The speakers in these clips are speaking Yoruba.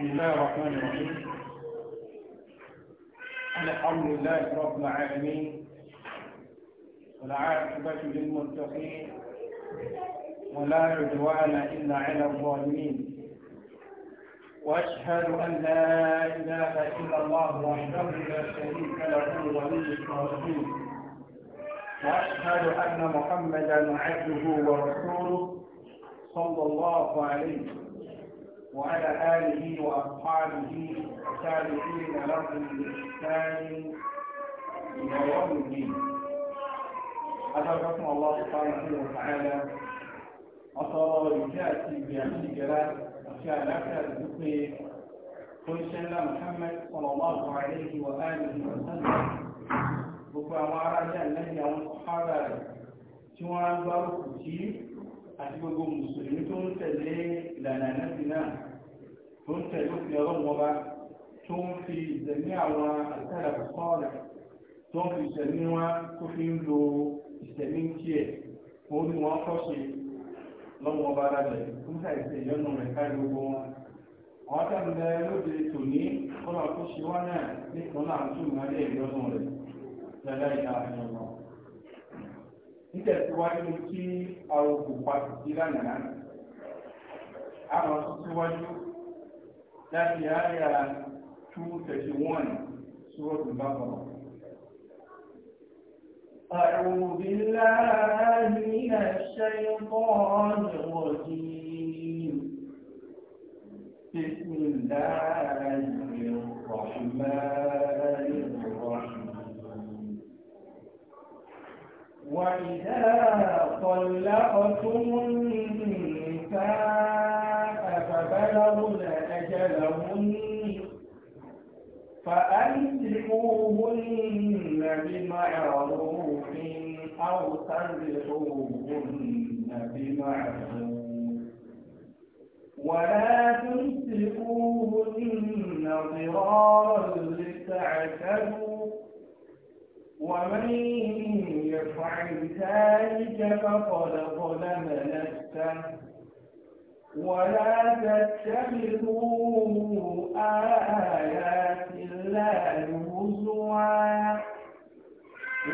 بسم الله الرحمن الرحيم الحمد لله رب العالمين والعاقبة للمتقين ولا عدوان إلا على الظالمين وأشهد أن لا إله إلا الله وحده لا شريك له ولي الصالحين وأشهد أن محمدا عبده ورسوله صلى الله عليه وسلم وعلى آله وأصحابه والتابعين لهم بإحسان إلى يوم الدين أدركم الله سبحانه وتعالى أصر رجاتي بعمل جلال وكان أكثر الذكر قل سيدنا محمد صلى الله عليه وآله وسلم بكرة وعلى النبي والصحابة سواء بارك فيه àti gbogbo mùsùlùmí tó ń tẹ̀lé ìlànà ànábì náà tó ń tẹ̀lé òfin ọlọ́run ọba tó ń fi ìsẹ̀mí àwọn àtàrà sọ́ọ̀nà tó ń fi ìsẹ̀mí wọn tó fi ń lo ìsẹ̀mí tiẹ̀ òun ni wọ́n kọ́ ṣe lọ́wọ́ ọba alábẹ̀ tó ń ṣàìsẹ̀ ìyọnu rẹ̀ kárí gbogbo wọn. àwọn táwọn ilẹ̀ lóde tòní kọ́nà tó ṣe wá náà nípa náà tó ń gbálẹ̀ ìyọnu rẹ̀ lọ́dá ìta àfihàn nítẹ̀síwájú kí àwọn òkùnfà sí lánàá àwọn síwájú láti àyà 231 سورة البقرة أعوذ بالله من الشيطان الرجيم بسم الله الرحمن الرحيم وإذا طلقتم فأمسكوهن بمعروف أو سرحوهن بمعروف ولا تمسكوهن ضرارا لتعتدوا ومن يفعل ذلك فقد ظلم نفسه ولا تتخذوا آيات الله هزوا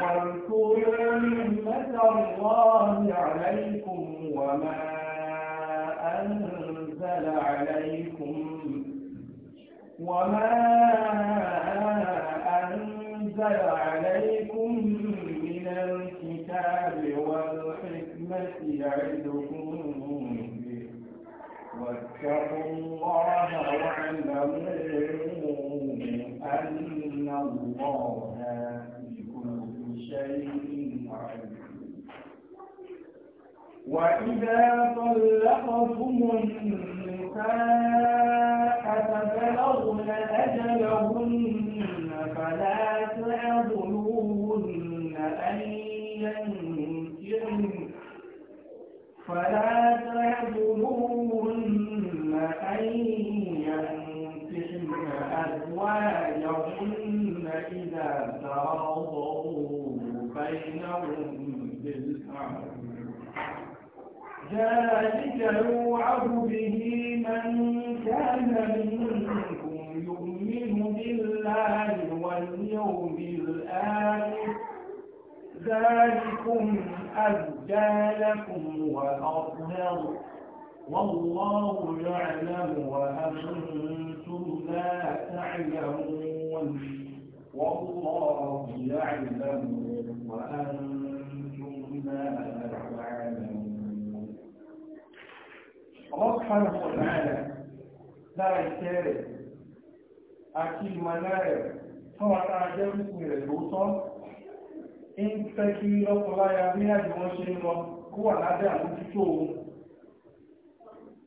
واذكروا نعمة الله عليكم وما أنزل عليكم وما أنزل عليكم من الكتاب والحكمة يعدكم به واتقوا الله واعلموا أن الله بكل شيء عليم وإذا طلقتم النساء ذلك يوعظ به من كان منكم يؤمن بالله واليوم الآخر ذلكم أزدى لكم وأظهر والله يعلم وأنتم لا تعلمون والله يعلم وأنتم لا تعلمون Allah subhanahu wa ta'ala lára iṣẹ́ rẹ̀ àti ìmọ̀lá rẹ̀ fún wa tára jẹ́ rúkú rẹ̀ lóòótọ́ ń fẹ́ kí lọ́pọ̀ láya ní àjò wọn ṣe lọ kó wà lábẹ́ àmójútó òun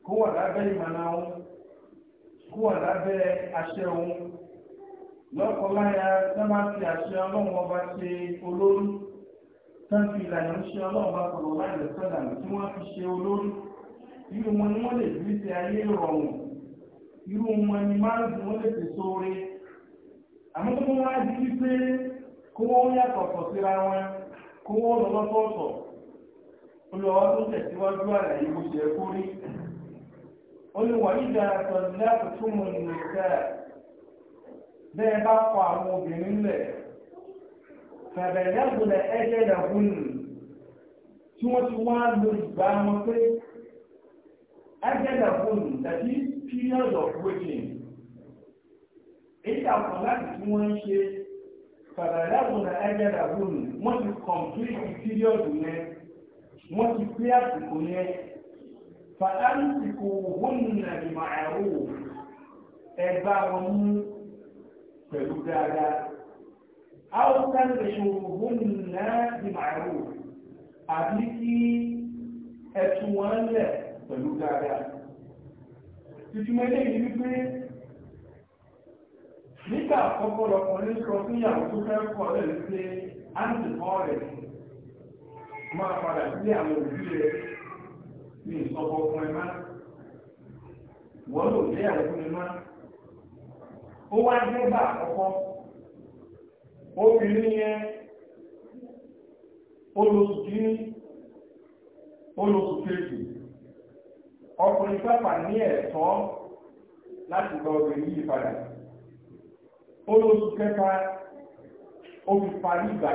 kó wà lábẹ́ ìmọ̀lá òun kó wà lábẹ́ àṣẹ òun lọ́pọ̀ láya tán máa fi àṣẹ ọlọ́run ọba ṣe olórí tán fi ìlànà ṣe ọlọ́run ọba sọ̀rọ̀ láìlẹ̀ sọ́dà tí wọ́n fi ṣe olórí irú wọn ni wọ́n lè fi ṣe ayé rọrùn irú wọn ni márùn-ún wọ́n lè fi sóore àmọ́ tó wọ́n á di wípé kó wọ́n yàtọ̀ pọ̀ síra wọn kó wọ́n lọ lọ́tọ̀ọ̀tọ̀ olùwàwá tó tẹ̀síwájú àlàyé bó ṣe rí ó ní wàyí dára sọ láti bẹ́ẹ̀ bá kọ àwọn obìnrin lẹ̀ fẹ̀rẹ̀ ajẹ́dàfóònù tàbí period of waiting èyí àpọ̀ láti tí wọ́n ń ṣe fàbàláàbùn ajẹ́dàfóònù wọ́n ti complete period yẹn wọ́n ti pé àsìkò yẹn fàtàlùsìkò hónìyàn ìmọ̀ àrò ẹgbà wọn mú pẹ̀lú dáadáa áwọ́sán ìṣòro hónìyàn ìmọ̀ àrò àbí kí ẹ̀tù wọn lẹ̀ pẹ̀lú dáadáa ìtumọ̀ ilé yìí wípé nígbà àkọ́kọ́ lọkùnrin sọ fún ìyàwó tó fẹ́ kọ́ rẹ̀ wípé á ń tì rẹ̀ máa padà sí àwọn òbí rẹ̀ ní wọ́n lò jẹ́ ó wá jẹ́ bá ọkùnrin pápá ní ẹ̀tọ́ láti gba obìnrin yìí padà ó lóṣù kẹta ó parí ìgbà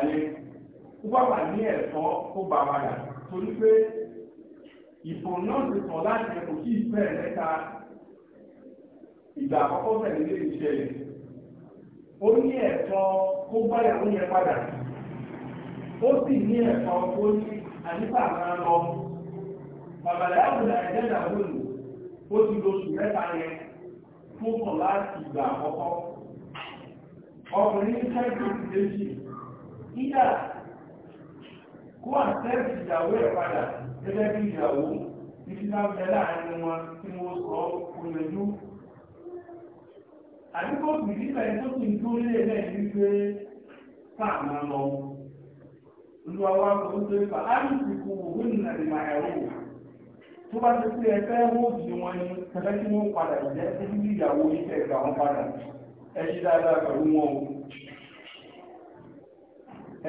ní ẹ̀tọ́ kó bá padà torí pé ìbò náà ti sàn láti ẹ̀kọ́ kí ìfẹ́ ìgbà àkọ́kọ́ ó ní ẹ̀tọ́ kó bàbá yàwó nàìjíríà ó ti lóṣù mẹ́ta yẹn fún kàn láti ìgbà àkọ́kọ́ ọkùnrin ní ṣẹ́ẹ̀kì méjì kó ìyàwó ẹ̀ padà gẹ́gẹ́ bí ìyàwó títí wọn tí sọ òyìnbó àdúgbò tó ti ń tó lé ẹ̀ kò ń tó ipa tó bá ti pé ẹgbẹ́ wọ́n bí wọn ni ẹgbẹ́ tí wọ́n padà jẹ́ tí bí ìyàwó iṣẹ́ ìgbà wọn padà ẹ ṣe dáadáa pẹ̀lú wọn o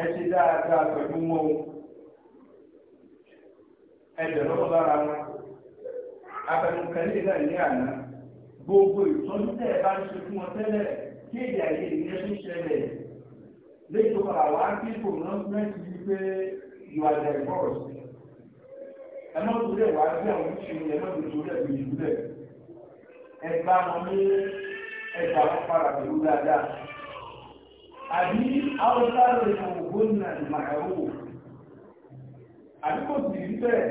ẹ dáadáa pẹ̀lú wọn o ẹ bẹ̀rẹ̀ lọ́wọ́ lára wọn abẹnukẹ́lẹ́ náà ní àná gbogbo ìtọ́jú tẹ́ ẹ bá ń ṣe fún wọn tẹ́lẹ̀ kí èdè àyè ìyẹn tó ṣẹlẹ̀ lẹ́yìn tó padà wá kí kò náà fún ẹ ti ẹ má dúró ẹ̀ wá bí àwọn oníṣẹ́ ẹ má dúró ẹ̀ bí ìlú rẹ̀ ẹ gbá wọn ní ẹgbà wọn padà pẹ̀lú dáadáa àbí haúsá lè fò gómìnà ìmàkàwò àbí kò sì rí bẹ́ẹ̀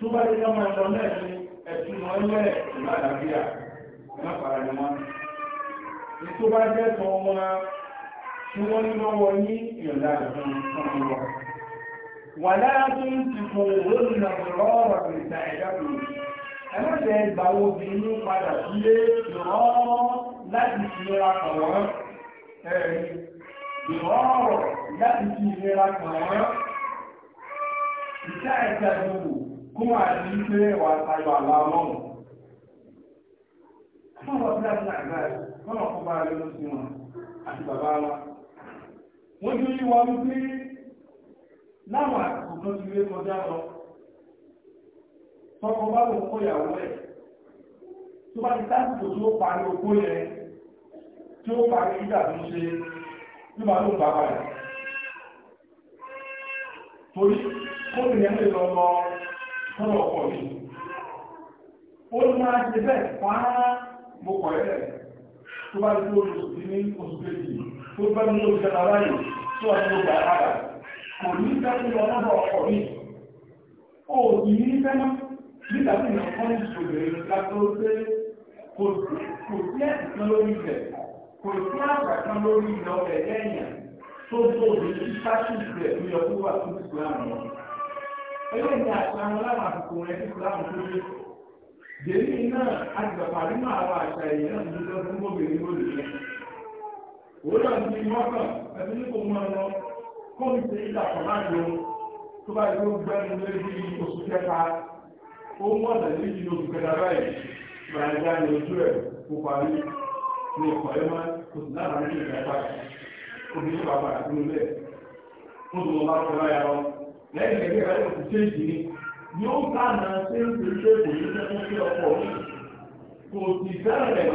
tó bá dé káwọn ẹ̀dọ́ náà ní ẹ̀sùn wọn lẹ̀ ìbàdàbíà ẹ má para ni wọn ètò bá jẹ́ tán wọn tí wọ́n ní lọ́wọ́ ní ìyọ̀dá àgbọn fún wọn ولا تنتقوهن ضرارا لتعلموا ẹ̀mọ́ jẹ́ ìgbà obìnrin padà sílé ìrọ́rọ̀ láti fi ìlera kàn ẹ̀rí ìrọ́rọ̀ láti fi ìlera kàn wọ́n ìṣẹ́ ẹ̀ka ìdòwò kó máa wà tayọ fún wọn bá wọn àti láwọn àkókò ti lé kọjá lọ tọkọ bá lọ kó ìyàwó ẹ̀ tó bá ti tásìkò tó parí okó yẹn tí ó parí ìgbà tó ṣe ní bá ló ń bá padà torí kó nìyẹn lè lọ lọ sọ́dọ̀ ọkọ̀ mi ó ní máa ṣe bẹ́ẹ̀ pààrà mo kọ̀ tó bá ti tó kò ní fẹ́ ní ọlọ́dọ̀ ọkọ̀ mi ó ní ní fẹ́ mọ́ nígbà tí ìyàn kan ìṣòro ìrìnká tó pé kò sí ẹ̀sìn kan lórí rẹ̀ kò sí kó ní ṣe ìjà tó bá yẹ kó gbẹ́nu lé oṣù kẹta ó mú ọ̀nà méjì lóṣù kẹta báyìí gbàgbà ní ojú ẹ̀ kó parí ní ọ̀pọ̀ ẹ̀ máa ní ìgbà àti ilé ó bá fẹ́ lọ lẹ́yìn ẹgbẹ́ ṣe ìdí ni na ṣe ń ṣe kò ní ṣe fún kò sì fẹ́ràn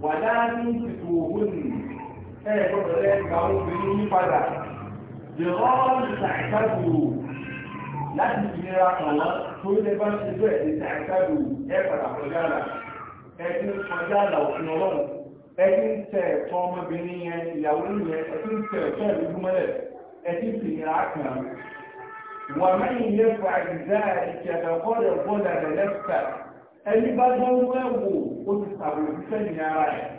wá ẹ̀ẹ́dọ̀dọ̀ lẹ́yìn àwọn obìnrin yí padà lè rọ́ọ̀lù ṣàìkádù láti ìnira ọ̀nà tó lè bá ṣe bẹ́ẹ̀ lè ṣàìkádù ẹ padà kọjá là ẹni kọjá là òfin ọlọ́run ẹni ń tẹ̀ ẹ̀tọ́ ọmọbìnrin yẹn ìyàwó yẹn ẹni ń tẹ̀ ẹ̀tọ́ ìlú mọ́lẹ̀ ẹni ń fìnira kan wọ́n mẹ́yìn yẹn fà ìdá ìkẹ̀kọ́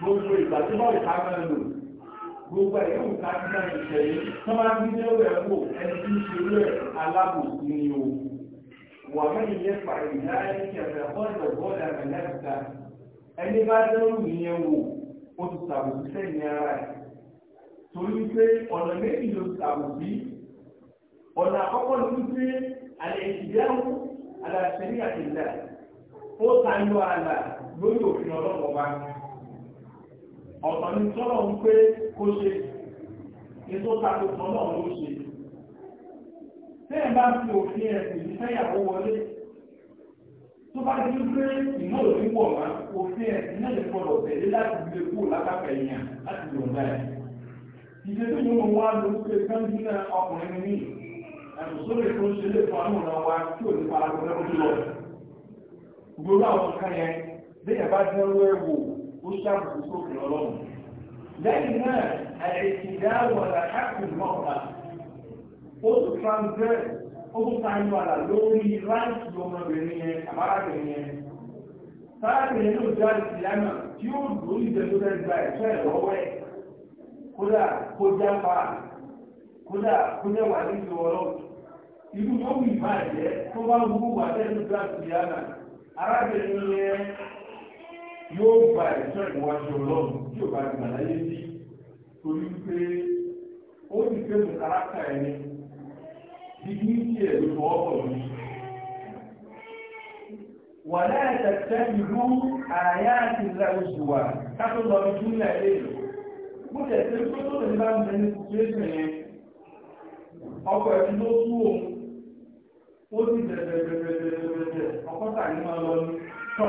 gbogbo ìgbà tí wọ́n ìta máa lò gbogbo ẹ̀ yóò ká sí náà ìṣẹ̀lẹ̀ tó máa ń gbé rẹ̀ wò ẹni tí ń ṣe rẹ̀ alábòsí ni o wà mẹ́rin yẹn pa ìdá ẹni kẹfẹ́ bọ́ọ̀lù bọ́ọ̀lù àmẹ́lẹ́ta ẹni bá dẹ́rù nìyẹn wò ó ti sàbòsí sẹ́yìn ara ẹ̀ torí pé ọ̀nà méjì ló sàbòsí ọ̀nà àkọ́kọ́ ló pé àlẹ́ ìdáhùn àlàṣẹ́rí àtìlá ó ta yọ àlà lórí òfin ọlọ́pàá ọ̀tọ̀ ní tọ́lọ̀ ń pé kó ṣe ní tó tako tọ́lọ̀ ló ṣe tẹ́ẹ̀ bá fi òfin ẹ̀sìn ní fẹ́yàwó wọlé tó bá ti gbé ìná òní wọ̀ wá òfin ẹ̀sìn náà lè fọlọ̀ tẹ̀lé láti gbé kú lákàtà láti lò ńlá ẹ̀ ìṣe tó yóò wá ló ń pè kánjú náà ọkùnrin ní ẹ̀sùn sórí tó ń ṣe lè fún àwọn ọ̀nà wa tí ò ní parapọ̀ lẹ́kọ̀ọ́ gbogbo àwọn kan yẹn bí ẹ̀ bá dẹ́rù ẹ̀ ó ṣàbùkù sófin ọlọ́run lẹ́yìn náà àìsìdáwò àlàkàkùn mọ́ta ó tún transgress ó tún tayọ àlà lórí ráìtì ọmọbìnrin yẹn àbárábìnrin yẹn sárábìnrin yóò já ìsìlámà tí ó lórí ìdẹ́gbẹ́dẹ́ gba ẹ̀tọ́ ẹ̀ lọ́wọ́ ẹ̀ kódà kó jápa kódà kó jẹ́wà nílùú ọlọ́run ìlú yóò wù ìbàjẹ́ tó bá wù wà tẹ́lú já ìsìlámà arábìnrin yẹn yóò gba ẹ̀tọ́ ìwájú ọlọ́run tí ò bá gbà láyé sí torí pé ó ti pé mú kárákà ẹni dídí tí ẹ̀ ló fọwọ́ pọ̀ mí. wà láì tẹ̀tẹ̀ ìlú àyà àti ìlà oṣù wa kátó lọ ní júlẹ̀ lẹ́yìn bó tẹ̀ tẹ́ tó tó lè bá mi ní situation yẹn ọkọ̀ ẹ̀ ló kú òun ó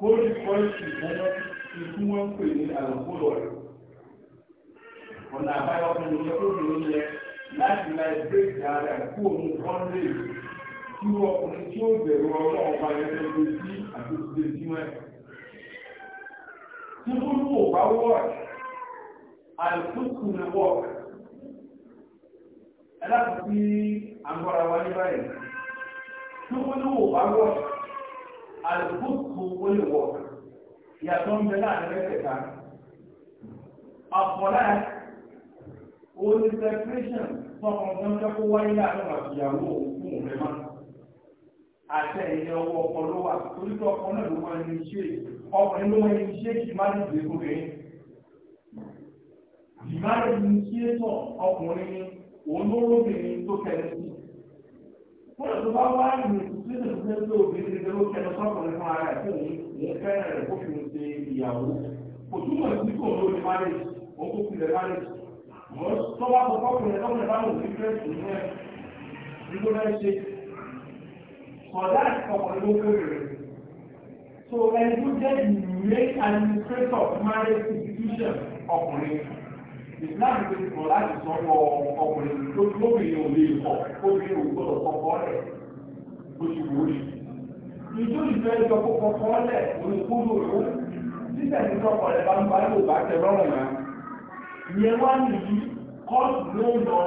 kóòdì pọ́ìsì ìdáná ikú wọn ń pè ní àlùkòlò rẹ̀. ọ̀nà àbáyọ fún mi lọ́kùnrin yẹ láti la ẹgbẹ́ ìjà rẹ̀ kú òun kan lè tí ọkùnrin tí ó bẹ̀rù ọlọ́run bá yẹ kó lè sí àtúntò sí wọn. tí wọ́n lù ọ́ bá wọ̀ àlùkòkù ni wọ̀ ẹ láti fi àgọ́ra wa ní báyìí. tí wọ́n lù ọ́ wọ̀ àlùkùkù ó lè wọ̀ ìyàtọ̀ ń bẹ láàrin mẹ́tẹ̀ẹ̀ta àpọ̀lá ó ní separation fọ́kàn tó ń jẹ́ kó wáyé láàrin àtìyàwó òkú rẹ̀ máa àtẹ ìyẹ ọwọ́ ọkọ̀ ló wà torí pé ọkọ̀ náà ló máa ń ṣe ọkùnrin ló máa ń ṣe kì má ní ìgbé obìnrin ìmáàlì ní kí é tọ̀ ọkùnrin òun ló lóbìnrin tó kẹrin sí Fún ìjọba wá ìlú sínú ìpínlẹ̀ tó obìnrin ti lọ kẹ́lọ sọ́kùnrin fún ara ẹ̀ fún ìyẹn fẹ́rẹ̀ rẹ̀ kó fi ń ṣe ìyàwó. Kò túmọ̀ sí kò lórí marriage, òun kò fi lẹ̀ marriage. Mọ̀ tó bá sọ fọ́kùnrin lọ́kùnrin bá wù sí fẹ́ẹ̀sì ní ẹ̀ ní tó fẹ́ ṣe. Ọ̀dà ìkọkùnrin ló fẹ́ rẹ̀. So ẹni tó jẹ́ ìwé administrator marriage institution ọkùnrin ìsìláàmù tó ti kọ̀ láti sọ ọ ọkùnrin tó lóbìnrin ò lè kọ̀ ó fi òun gbọ́dọ̀ sọ kọ́ rẹ̀ ti wò ó ìjọ ìfẹ́ ẹjọ́ kó kọ kọ́ lẹ̀ olùkúlù òun títẹ̀ ní sọ́kọ̀ rẹ̀ bá ń parí kò bá tẹ lọ́rùn náà. ìyẹn wá nìyí kọ́ọ̀tù ló ń lọ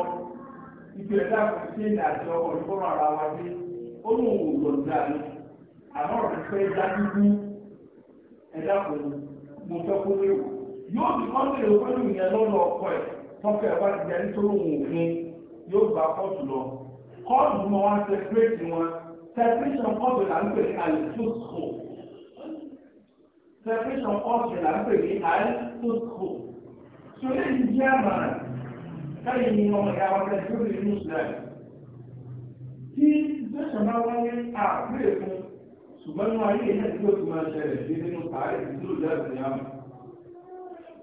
ìgbẹ̀dá kò sí ní àti ọkọ̀ ìfọ́nà ara wa dé ó ní òun gbọ̀dọ̀ àná àmọ́ yóò di kọ́ńtì ló pẹ́lú ìyẹn lọ́nà ọkọ ẹ̀ tọ́kẹ́ ẹ̀ bá ti jẹ́ nítorí òun òfin yóò gba kọ́ọ̀tù lọ kọ́ọ̀tù mọ wọn sẹpẹ́rẹ́tì wọn sẹpẹ́rẹ́tì kọ́ọ̀tù là ń pè ní àìsókò sẹpẹ́rẹ́tì kọ́ọ̀tù là ń pè ní àìsókò tó lè jẹ́ àmàrà káyìn ní ọmọ ìyá wọn tẹ̀sí ó lè ní ìsìlẹ̀ tí sẹ́sẹ̀ máa wáyé àgbéyẹ̀fún e ṣùgbọ́n ní ayé ìyẹn tí ó ti máa ṣẹlẹ̀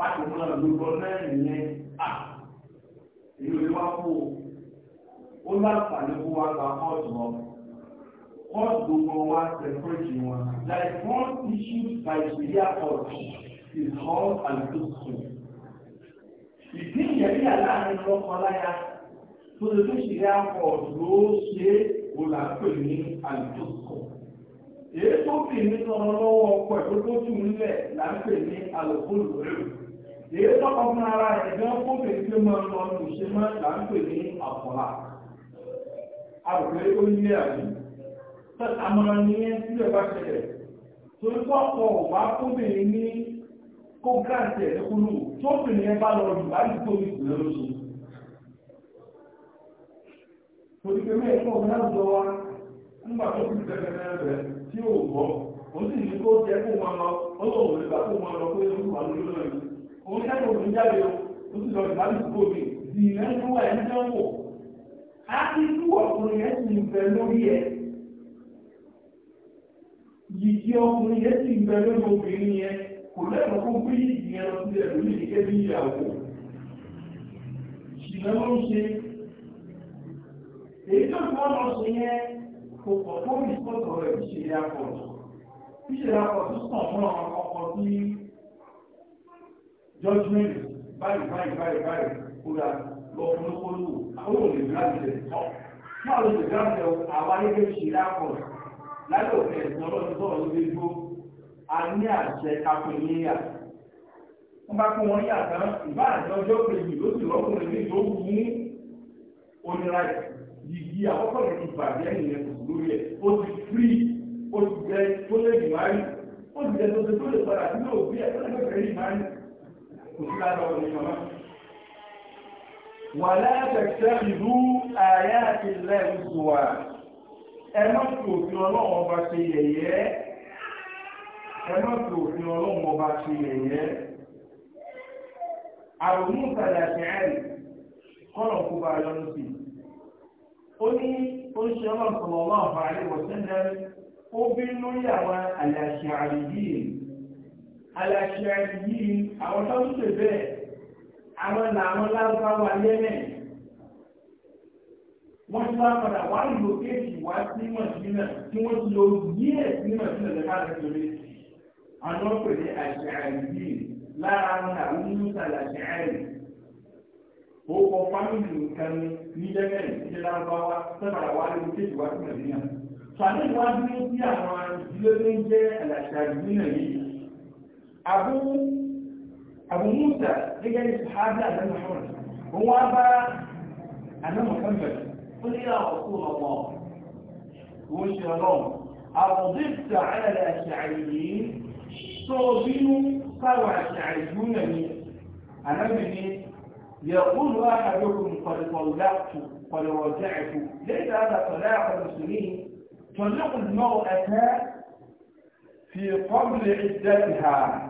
báyìí wọn lọ lórúkọ mẹ́rin yẹn à èyí ò lè o ó láǹfààní kó wá gba kóòtù wọn kóòtù wọn wá tẹ̀síwájú wọn like one issued by Syria court is called an issue ìdí ìyẹ̀rí àláàrin lọ́kọ láya tó lè tó Syria court ló ṣe olàpè ní àlùtòkọ̀ èyí tó bì nínú ọmọ lọ́wọ́ ọkọ̀ ẹ̀ tó tó tù nílẹ̀ là ní àlùkò lórí èyí tọ́kọ̀ fún ara rẹ̀ gan kó bèèrè pé mọ́ ọmọ ọmọ máa ń là ń pè ní àpọ̀lá àrùkẹ́ ó nílé àmì àmọ́ra ní ẹ́ sílẹ̀ bá ṣẹlẹ̀ torí wá ní kó ẹ̀ tó bèèrè ẹ bá lọ ní ìpìlẹ̀ lóṣù torí pé fún ọ̀gá wa tó fi tí ò gbọ́ sì ní kó jẹ́ òun sẹ́kọ̀ òun jáde o ó sì lọ ìbálò ìgbò mi dì í lẹ́nu wà ẹni tó ń wò á ti tú ọkùnrin yẹn sì ń bẹ lórí ẹ yìí ọkùnrin yẹn sì ń bẹ lórí obìnrin yẹn kò lẹ́nu kó gbé yìí yẹn lọ sílẹ̀ lórí ìdíkẹ́ bí ìyàwó ṣìlẹ̀ ló judgment báyìí báyìí báyìí báyìí kúra lọ fún olókòlù àwọn olè gíláàsì tọ́ fún àwọn olè gíláàsì àwọn ayélujára ṣe lápọ̀ lábẹ́ òfin ẹ̀sìn ọlọ́run tó ọ̀rọ̀ lórí igbó a ní àṣẹ kakùn ní yà wọ́n bá kó wọn yà tán ìbá àjọ ọjọ́ kejì ló sì rọ́kùnrin ní ìlú òkú ní onira yìí àkọ́kọ́ rẹ̀ ti bàjẹ́ ìyẹn lórí ẹ̀ ó ti fírí ó ti jẹ tó lè dùn wáyé ó ti jẹ tó lè padà nínú òbí ẹ̀ tó lè fẹ́ kò sí lára ọ̀rọ̀ ìjọba wà látẹ̀kẹ́ ìlú ààyè àti lẹ́ẹ̀kùsù wà ẹ má fi òfin ọlọ́run ọba ṣe yẹ̀yẹ́ ẹ má fi òfin ọlọ́run ọba ṣe yẹ̀yẹ́ àròmú ìtàlẹ̀ àti àìrí kọ́nà ó bí lórí àwọn àlẹ́ àṣẹ aláṣẹ yìí àwọn tó ń pè bẹ́ẹ̀ àwọn làwọn lárúbáwá yẹ́nẹ̀ wọ́n ti wá padà wá lò kéèkì wá sí mọ̀sílẹ̀ tí wọ́n ti lo yíyẹ̀ sí mọ̀sílẹ̀ lẹ́ka lẹ́tọ̀ọ́lẹ́ àwọn ọ̀pẹ̀ ní àṣẹ yìí lára àwọn àwọn onímọ̀sá làṣẹ yìí ó kọ fámìlì nǹkan ní yẹ́nẹ̀ ní lárúbáwá sẹ́pàdà wá lò kéèkì wá sí mọ̀sílẹ̀ sàlẹ̀ wá dúró sí àwọn ìdílé tó ń jẹ́ àlàṣà yìí أبو أبو موسى رجل الصحابة أبو محمد هو أبا أنا محمد قل يا رسول الله وش يلوم أرضبت على الأشعريين صوبينوا صاروا أشعريون مني أنا من يقول أحدكم قد طلقت قد رجعت ليس هذا طلاق المسلمين طلقوا المرأة في قبل عدتها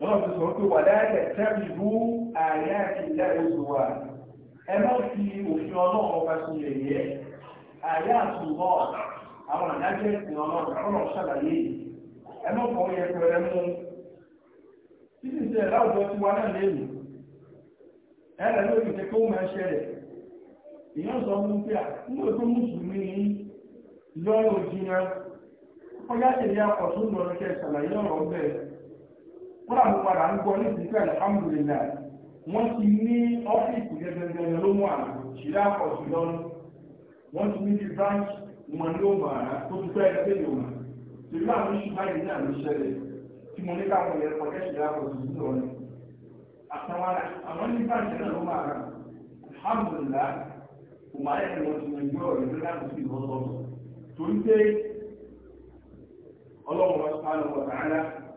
wọ́n ti sọ pé wà láàrẹ̀ tẹ́bìrú ààrẹ àti ìdá ìzòwà ẹ má fi òfin ọlọ́run ọba sí ẹ̀yẹ ààrẹ àtúbọ̀ àwọn àdájọ́ ìsìn ọlọ́run ọlọ́run ṣàlàyé ẹ má fọ oyè pẹrẹ mú títí sí ẹ láwùjọ tí wà náà lẹ́nu ẹ rẹ̀ lórí ìṣe pé ó máa ṣẹlẹ̀ èèyàn sọ fún pé àwọn ètò mùsùlùmí lọ́rọ̀ jìnnà ọjà tẹ̀lé akọ̀tún lọ́rọ̀ kẹ́ ṣàlàyé ọ̀rọ̀ bẹ́ẹ̀ wọ́n làwọn padà ń gbọ́ ní ìpínlẹ̀ alhamdulillah wọ́n ti ní ọ́fíìsì gẹ́gẹ́gẹ́ ló mú àná ṣìlá ọ̀sùn wọ́n ti ní bí branch wọn àná tó ti fẹ́ ẹgbẹ́ yòó àwọn oṣù báyìí ní àmì ìṣẹ̀lẹ̀ tí mo ní káwọn yẹn kọjá ṣìlá ọ̀sùn lọ́nà àtàwọn àwọn ní branch náà ló mọ̀ àná alhamdulillah kò ọ̀rẹ́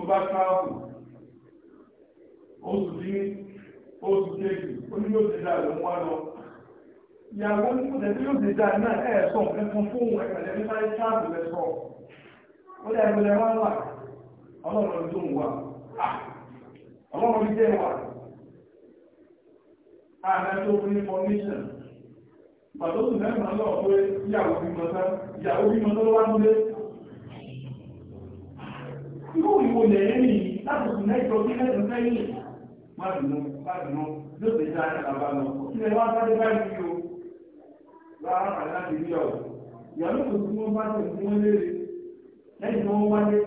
tó bá káàkù oṣù tí oṣù kejì ó ní yóò ti dáa lòun wá lọ ìyàwó ní oṣù tí yóò ti dáa náà ẹ̀ sọ ẹ̀kan fóun ẹ̀kẹ̀lẹ̀ ní ṣáàbù rẹ̀ sọ ó wá wà ọlọ́run tó ń wà ọlọ́run wà fún lọ pé ìyàwó bímọ ìyàwó bímọ ló wá nílé irú ìwò lè rí láti sùn náà ìjọba ilẹ̀ sẹ́yìn má dùnú má dùnú ló ti dá àbá lọ ilẹ̀ wá sáré báyìí o rárá àláàbí ní ọ̀rọ̀ ìyàwó tó tún wọn bá tó tún wọn léèrè lẹ́yìn tó wọn wáyé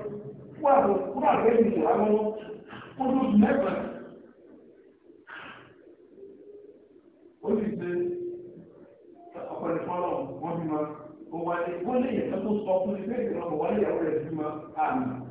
fún àbọ̀ fún àbẹ́ ìlú àwọn kó tó sùn mẹ́fà ó sì ṣe ọ̀pọ̀ ìfọ́lọ̀ wọn bí ma ó wáyé ó lè yẹ tó sọ fún ilé ìrọ̀lọ́ wáyé àwọn ẹ̀sìn ma àmì.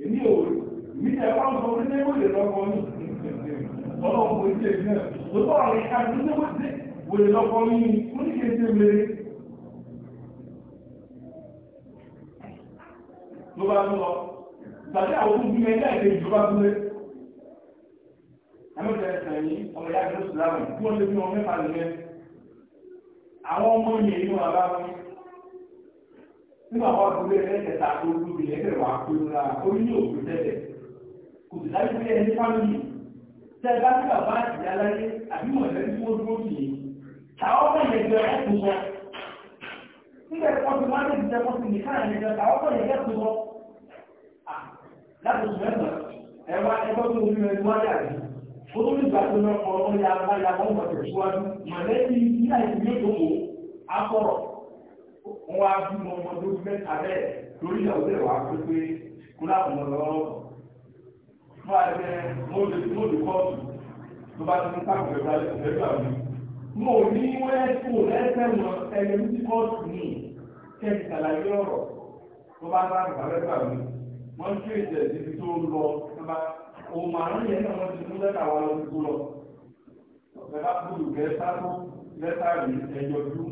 èmi ò mí ẹ̀ ń sọ ní ọlọ́run kò ní mo ní kí n ṣe mèrè ló bá ń lọ tàbí àwọn tó gbìyànjú ẹgbẹ́ ìdè ìjọba tó lé ẹmọ́tẹ̀ ẹ̀sẹ̀ yìí ọmọ ìyá àgbẹ̀rẹ̀ nígbà wọn kò lè fẹ́ tẹ̀ta tó gbogbo ilẹ̀ bẹ̀rẹ̀ wà pé ó ra ó ní òkú tẹ́lẹ̀ kò sì dájú pé ẹni fámìlì tẹ́ bá tí bàbá ìyá láyé àbí mọ̀lẹ́ tí wọ́n dúró sí i táwọn bẹ̀yẹ̀ jẹ ẹ̀kú sọ nígbà tí wọ́n ti wá lè jẹ wọ́n ti ní káà ní jẹ táwọn bẹ̀yẹ̀ ẹ̀kú sọ láti oṣù mẹ́fà ẹ̀wá ẹgbẹ́ tó ń rìn wáyé àbí olórí ìgbà tó lọ́kọ̀ọ́ ọ̀yà abáyà ọ̀gbọ̀n tẹ̀síwájú mọ̀lẹ́bí ilé àìsí yóò tó wá bí mo mọ lórí mẹ́ta bẹ́ẹ̀ lórí ìyàwó rẹ̀ wá pé pé kó láwọn ọmọ lọ́wọ́ fún àgbẹ̀ mọ́lẹ̀ mọ́lẹ̀ kọ́ọ̀tù tó bá ti ní sáàpù ẹ̀ka ẹ̀fẹ́ gbà mí. mo ní wọ́n ní ọ̀rọ̀ tó bá bá tún ìdíbi tó ń lọ ti mú lẹ́tà wa lọ sí kú lọ.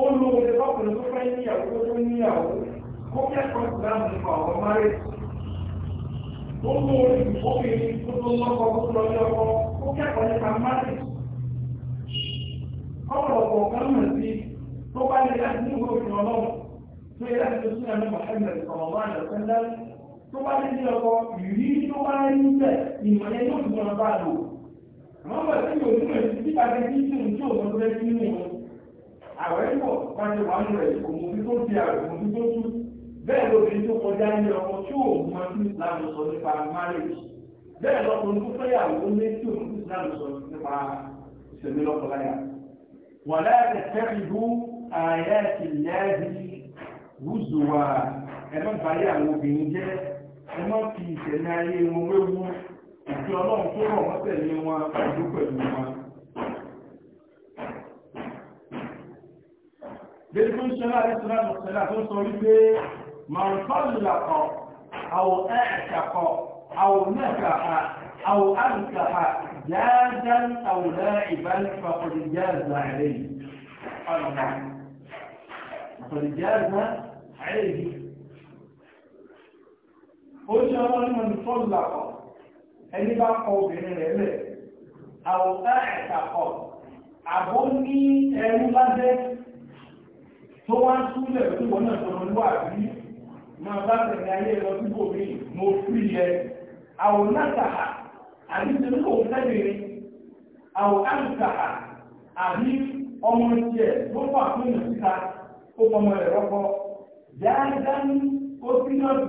ó lo oore lọ́kùnrin tó fẹ́ níyàwó tó níyàwó kó kẹ́kọ̀ọ́ ìsìláàmù nípa ọ̀rọ̀ márẹ̀ ó lo oore tó tó lọ́kọ tó lọ sí ọkọ kó kẹ́kọ̀ọ́ nípa márẹ̀ ọ̀pọ̀lọpọ̀ kan mọ̀ sí tó bá lè láti ní ìwé òfin ọlọ́run tó yẹ láti tó sí àmì Muhammad ọ̀rọ̀ àyọ̀kẹ́lá tó bá lè ní ọkọ ìrírí tó bá ń bẹ̀ ìmọ̀lẹ́ yóò fi wọn bá lò àwọn ọmọ yóò ní ìrìn àwẹ̀ ń bọ̀ bá ti wà ń rẹ̀ kò mú bí tó di àwẹ̀ kò mú bí tó tú bẹ́ẹ̀ lóbìnrin tó kọjá ní ọkọ tí ò mọ sí ìsìlámù sọ nípa marriage bẹ́ẹ̀ lọkùnrin tó fẹ́ yàwó lé tí ò mú sí ìsìlámù sọ nípa ìṣẹ̀mí lọ́kọláyà wà láti fẹ́ ìlú ààyè ti lẹ́ẹ̀dì rúzùwà ẹ̀mọ́ báyé àwọn obìnrin jẹ́ ẹ̀mọ́ fi ìṣẹ̀mí ayé wọn wéwu ìfi ọlọ́run tó rọ̀ wọ́n Bẹ́ẹ̀ni fún ṣẹlá àríṣẹ́lá ṣẹlá tó sọ wípé màrùkọ́lùlàkọ̀, àwọ̀ ẹ̀ẹ̀kàkọ̀, àwọ̀ mẹ́kàá, àwọ̀ àrùkàá, jáàján àwòlá ìbánífà ọ̀dìjáàzà rẹ̀ yìí. Ọ̀nà ọ̀dìjáàzà rẹ̀ yìí. Ó ṣe ọlọ́run mọ̀lùkọ́lùlàkọ̀, ẹni bá kọ obìnrin rẹ̀ lẹ̀, àwọ̀ ẹ̀ẹ̀kàkọ̀, àbó ní ẹrú lábẹ́ tó wá ń túlẹ̀ fún náà tọrọ lúwà rí máa bá tẹ̀lé ayé lọ sí bòmí mo fi yẹ àwọn látàhà àbí tẹ̀lé kò tẹ́lẹ̀ àwọn àlùkàhà àbí ọmọ tiẹ̀ tó wà fún ìlú síta ó fọmọ rẹ̀ rọ́pọ̀ dáadáa ó sí náà lórí dáadáa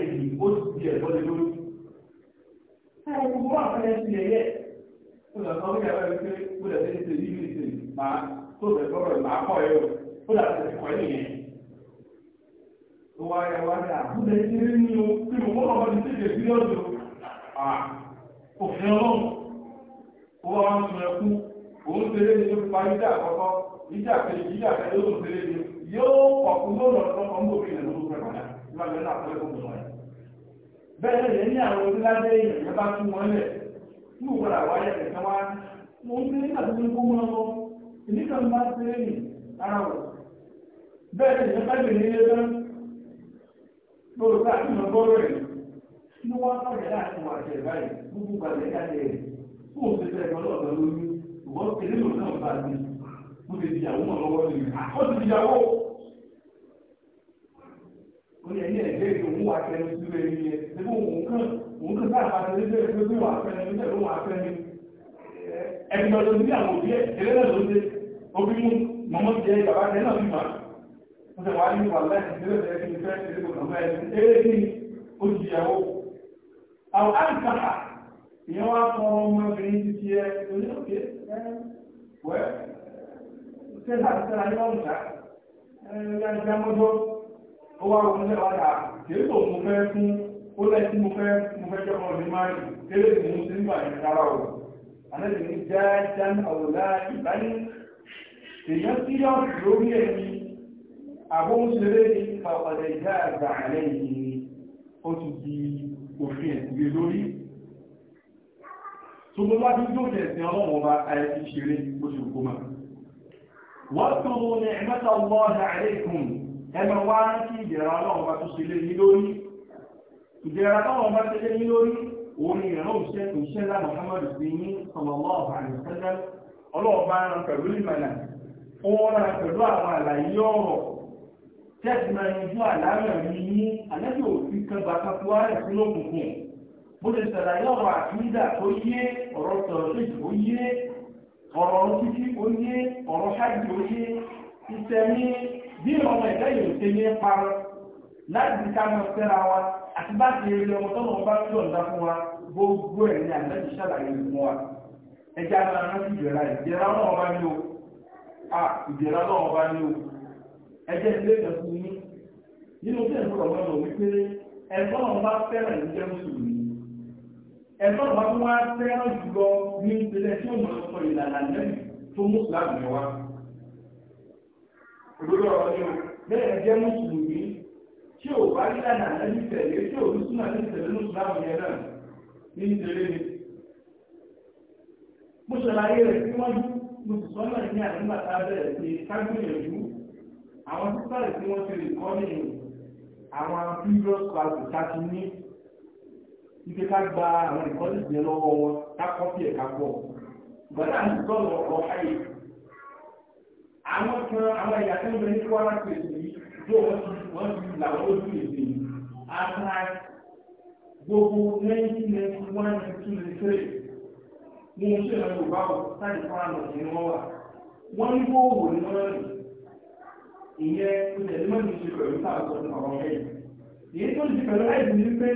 ó ti di lórí. kódà kan wíyà bá yẹ pé kódà tẹ́ yìí tẹ̀lé máa tó bẹ̀ sọ̀rọ̀ máa kọ́ ẹ o kódà kọ́ ẹ yẹn. tó wá wá dà kódà ẹ ti o pé mo mọ́ lọ́wọ́ ti tẹ̀lé sí ọ̀dọ̀ òfin ọlọ́run ó wá wọn tún ẹkú òun tẹ̀lé ní ipa ìdá àkọ́kọ́ ìdá kejì ìdá kejì ó tún ní yóò kọ̀kún ní òwúrọ̀ àwáyé rẹ̀ kan wá mo ń gbé nígbà tó ń kó mọ́ lọ èmi kan máa ń ndị nì ara rẹ̀ bẹ́ẹ̀ ni ìjọba ìgbè ní ní wọ́n á láti wà báyìí gbogbo gbàgbé jáde ẹ̀kọ́ lórí náà bá mi mo lè àkọ́ ti ní ẹ̀jẹ̀ ìdòwú òun àwọn òbí ìyẹn wá fọ ọmọbìnrin títí ẹ ó lẹ́ tí mo fẹ́ mo fẹ́ jẹ́ ọmọ mi máa rí kéré ní mo ti ń bà ní rárá o àlejò ní jáján àwòlá ìbáyé èèyàn tí yọ lórí ẹni àbóhùnṣeré ní pàpàdé ìjà àgbà àlẹ́ yìí ó ti di òfin ẹ̀sìn lórí tó bó bá dúdú òfin ẹ̀sìn ọlọ́run ọba àìsí ṣeré ó ti kó máa wọ́n tó ní ẹ̀mẹ́ta ọgbọ́n ọ̀dà àlẹ́ ìkùn ẹ̀mẹ́ wá ń kí ìdẹ̀ra ọlọ́run ọba tó ṣe lé ní lórí ìdẹ̀ra táwọn bá tẹ́lẹ̀ ní lórí òun ni ìrànà òṣìṣẹ́ tó ṣẹ́ lá Muhammadu sí ní sallallahu alaihi wasallam ọlọ́ọ̀bá ara pẹ̀lú ìmọ̀nà òun ra pẹ̀lú àwọn àlàyé ọ̀rọ̀ tẹ́sí máa yanjú àlàáfíà mi ní àlẹ́bí òfin kan bá kápú ààrẹ sí lókùnkùn bó ṣe ṣàlàyé ọ̀rọ̀ àtúndà tó yé ọ̀rọ̀ sọ̀rọ̀ tó yé ọ̀rọ̀ ọ̀rọ̀ títí ó yé ọ̀rọ̀ ṣáàjì ó yé ìṣẹ̀mí bí ọmọ ẹ̀dá yòó ṣe ní parọ́ láti ká mọ̀ àti bá ti rí ọmọ tọ́nà ọba tí ó ń dá fún wa gbogbo ẹ̀ ní àlẹ́ ìṣàlàyé fún wa ẹjẹ́ ara rántí ìdẹ̀ra ìdẹ̀ra náà ọba ní o à ìdẹ̀ra náà ọba ní o ẹjẹ́ ilé ìjọ fún yín nínú tí ẹ̀sùn ọ̀gbọ́n lọ wípé ẹ̀gbọ́n ọba fẹ́ràn ìjẹ́ mùsùlùmí ẹ̀gbọ́n ọba tó wá fẹ́ràn jùlọ ní ìpínlẹ̀ tí ó mọ̀ sọ ìlànà lẹ́yìn tó mùsùlùmí wa òdodo ọ̀rọ̀ ni o bẹ́ẹ̀ jẹ́ mùsùlùmí tí o bá rí lànà lẹ́yìn tẹ̀lé tí ò ní súnmọ́ lẹ́yìn tẹ̀lé ní ìsìlámù yẹn náà ní ìtẹ̀lé ni. mo ṣàlàyé rẹ̀ tí wọ́n mo sì sọ náà ní àdúgbà tá a bẹ̀rẹ̀ pé kágbìyànjú àwọn sísáàlì tí wọ́n ti rè kọ́ ní àwọn previous class ká ti ní ibi ká gba àwọn ìkọ́lé yẹn lọ́wọ́ wọn ká kọ́pì ẹ̀ka pọ̀ gbọ́dọ̀ àti sọ̀rọ̀ ọ̀ àwọn kan àwọn ìyàtọ̀ ìgbẹ́ ní kwara wọ́n wọ́n ti làwọn ó sì èdè yìí ata gbogbo nineteen ninety one to two ninety three ní oṣù ìlànà yorùbá wò sáyẹn fún àná ní wọ́n wà wọ́n ní kó wò ní wọ́n rìn ìyẹn ìṣẹ̀lẹ̀ mọ́ ní ṣe pẹ̀lú sáàtọ̀ ọ̀rọ̀ ẹ̀yìn èyí tó ṣe pẹ̀lú ẹ̀yìn ní pé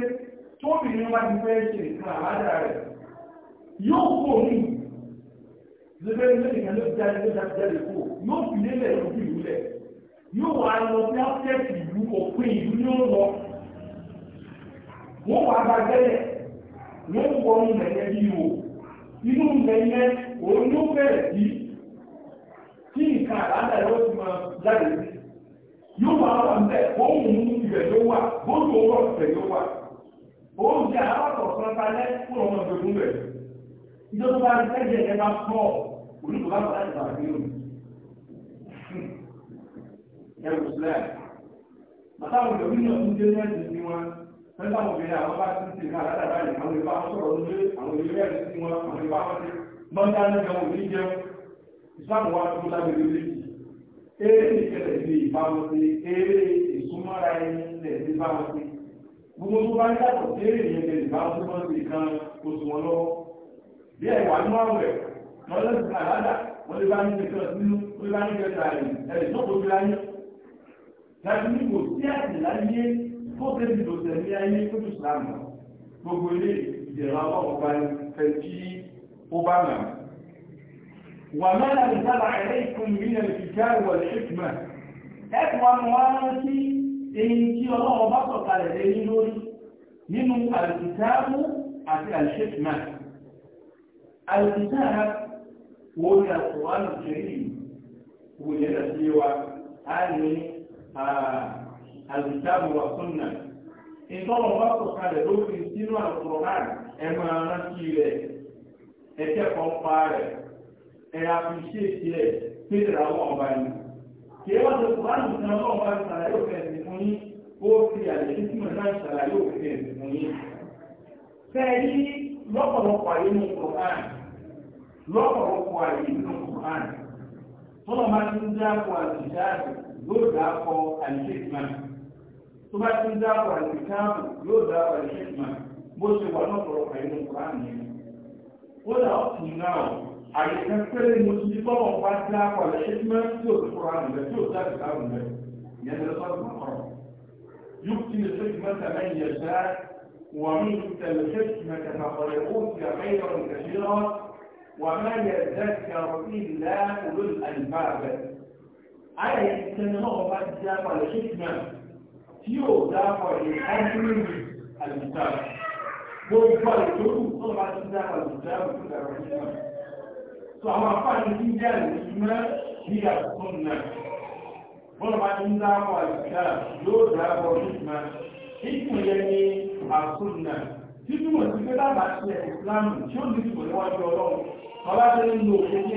tóbìnrin wá ti fẹ́ ṣe nǹkan àbádà rẹ̀ yóò kó ní lébẹ́rẹ́ yóò wá lọ sí áfẹ́ẹ̀tì ìlú òpin ìlú ní ó wọ́n wà bá gẹ́lẹ̀ wọ́n wọ ilẹ̀ yẹn bí o inú ilẹ̀ òun ló bẹ̀rẹ̀ sí tí nǹkan àlàáda yóò ti máa jáde sí yóò wá wà ń bẹ̀ mú ibẹ̀ ló wà ibẹ̀ ló wà fún ọmọ ìjọba pọ̀ olùkọ́ bá bá ẹrù sílẹ̀ àtàwọn ìjọba ìjọba ń dé mẹ́rin sí wọn nígbà wọn bẹ̀rẹ̀ àwọn bá ti ti náà ládàá báyìí àwọn ìbá wọn sọ̀rọ̀ lórí àwọn ìlú ẹ̀rí sí wọn àwọn ìbá wọn ti mọ́tà ní ẹ̀wọ̀n òní jẹun ìsìláàmù wa tó lábẹ́ lórí eré ìkẹlẹ̀ ní ìbámu sí eré ìsúnmọ́ra ẹni lẹ̀ ní ìbámu sí gbogbo tó bá yàtọ̀ sí eré ìyẹn lẹ̀ ìbámu sí wọn sí kan oṣù wọn lọ́wọ́ bí ẹ̀wà ní nínú wọn lè bá láti ní kò sí àti láyé tó tẹ́lẹ̀ tó tẹ̀lé ayé tó tù sàmù gbogbo ilé ìjẹ̀rọ ọlọ́run bá fẹ́ kí ó bá nà wà mẹ́lá ní sábà ẹ̀rẹ́ ìkún mílẹ̀ ìfìjá ìwọ̀ ìṣẹ́kùnmẹ̀ ẹ̀kùn àmọ́ wá rántí èyí tí ọlọ́run bá sọ̀kalẹ̀ lẹ́yìn lórí nínú àlùkìtáàbù àti àlùṣẹ́kùnmẹ̀ àlùkìtáàbù wo ni àtùwánù jẹ́rìí wo ni ẹ̀rẹ́ sí wa á ní àlùjáde wà súnà ìtọ́lọ̀ bá sọ kalẹ̀ lórí sínú àlùkùrán ẹ máa rántí rẹ̀ ẹ kẹ́kọ̀ọ́ pa rẹ̀ ẹ àfiṣèṣì rẹ̀ pé ìràwọ̀ ọba ni kí ẹ wá sọ kùrán nìkan náà bá ṣàlàyé òfin ẹ̀sìn fún yín ó fi àlè títúmọ̀ náà ṣàlàyé òfin ẹ̀sìn fún yín. fẹ́ẹ̀rí lọ́pọ̀lọpọ̀ àyè nínú kùrán lọ́pọ̀lọpọ̀ àyè nínú kùrán tọ́lọ̀ máa ti ń dáàbò àtìjáde yóò dà kọ àlìṣèkìmá tó bá ti ń dà kọ àlìṣèkìmá yóò dà kọ àlìṣèkìmá bó ṣe wà náà sọ̀rọ̀ pẹ̀lú nǹkan nìyẹn. ó dà ọ̀tún náà àyíká péré mo ti bọ́ọ̀ bá dà kọ àlìṣèkìmá tí ò kúrò àrùn rẹ̀ tí ò dà kúrò àrùn rẹ̀ yẹn lọ sọ́dún ọ̀rọ̀. yóò ti lè ṣe ìgbà tàbí ẹ̀yẹ̀ dá ومن الحكمة فقد أوتي خيرا كثيرا وما يذكر إلا أولو الألباب ayé ìtẹnu náà bá ti dá palẹ̀ ṣé ìgbà tí yóò dá palẹ̀ ọ́dúnrún àlùkà gbogbo àlùkòrò náà bá ti dá palẹ̀ ìjà òkúta rẹ̀ nígbà tó àwọn afáàní ti jẹ́ àlùkùnmá ní àkókò náà bọ́n bá ti dá palẹ̀ ìjà yóò dá palẹ̀ ìgbà ìpìlẹ̀ ní àkókò náà títí wọ́n ti fẹ́ lábàá ṣe ní ìwọ̀n níwájú ọlọ́run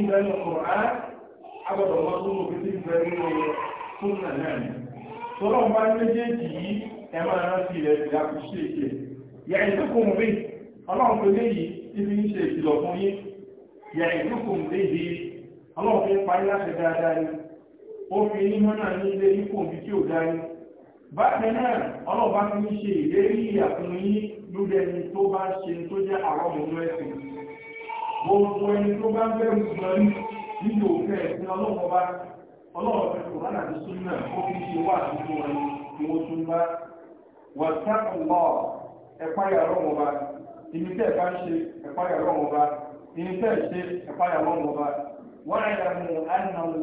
agbọ́dọ̀ wọn tó mú fi sí ìfẹ́ nínú súnà náà tọ́lọ́ bá méjèèjì yìí ẹ máa rántí rẹ̀ ìyá èké yà ọlọ́run pé fi ń ṣe fún yín yà yìí ọlọ́run parí láti dáadáa ni ó fi náà ní ilé ipò tí ò dáa ni bákan náà ọlọ́run bá ń ṣe nínú òfin ẹ̀sìn ọlọ́wọ́ bá ọlọ́wọ́ fẹ́ kò hánà ní súnmọ́ ó fi ṣe wà nínú wọn ni wọ́n tún bá wọ́n sákùn lọ ẹ̀páyà ọlọ́wọ́ bá ìní tẹ́ ẹ̀pá ṣe ẹ̀páyà ọlọ́wọ́ bá ìní tẹ́ ṣe ẹ̀páyà ọlọ́wọ́ wọ́n ẹ̀yà mú